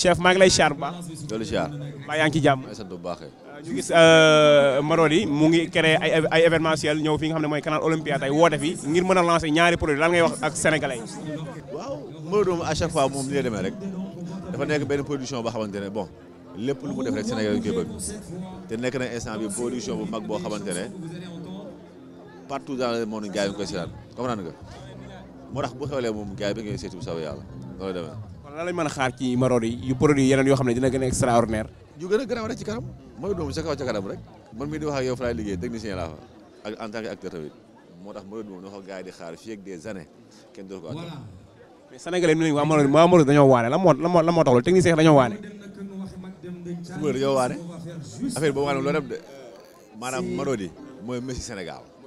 chef maa ngi lay siyaar bu baax. loolu yaa ngi ci jàmm. maa ngi sant bu euh, euh, mu ngi créé ay ay événementiel ñëw fi nga xam ne mooy canal Olympia tey woote fi ngir mën a lancer ñaari produit lan ngay wax ak sénégalais yi. waaw Marodi moom fois moom rek dafa nekk benn production boo xamante ne bon lépp lu mu def rek Sénégal yi koy bëgg te nekk na instant bi production bu mag boo xamante ne partout dans le monde gars yi ñu koy seetaan comprendre nga moo tax bu xewlee moom gars yi bi ngay seeti bu soobee yàlla loolu demee. lan lañ mën a xaar ci Marodi yu produit yeneen yoo xam ne dina gën a extraordinaire. yu gën a garaaw ci kanam mooy doomu sa kaw ca kanam rek man mii di wax ak yow fa laay liggéey technicien laa fa ak en tant que acteur tamit moo tax Marodi moom dafa gars yi di xaar fii ak des années kenn dootu ko attan. mais Sénégalais yi ñu ne waa Marodi waa Marodi dañoo waane lan moo lan moo tax loolu technicien dañoo waane. su dañoo waane affaire boobu nga loolu de maanaam Marodi mooy Messi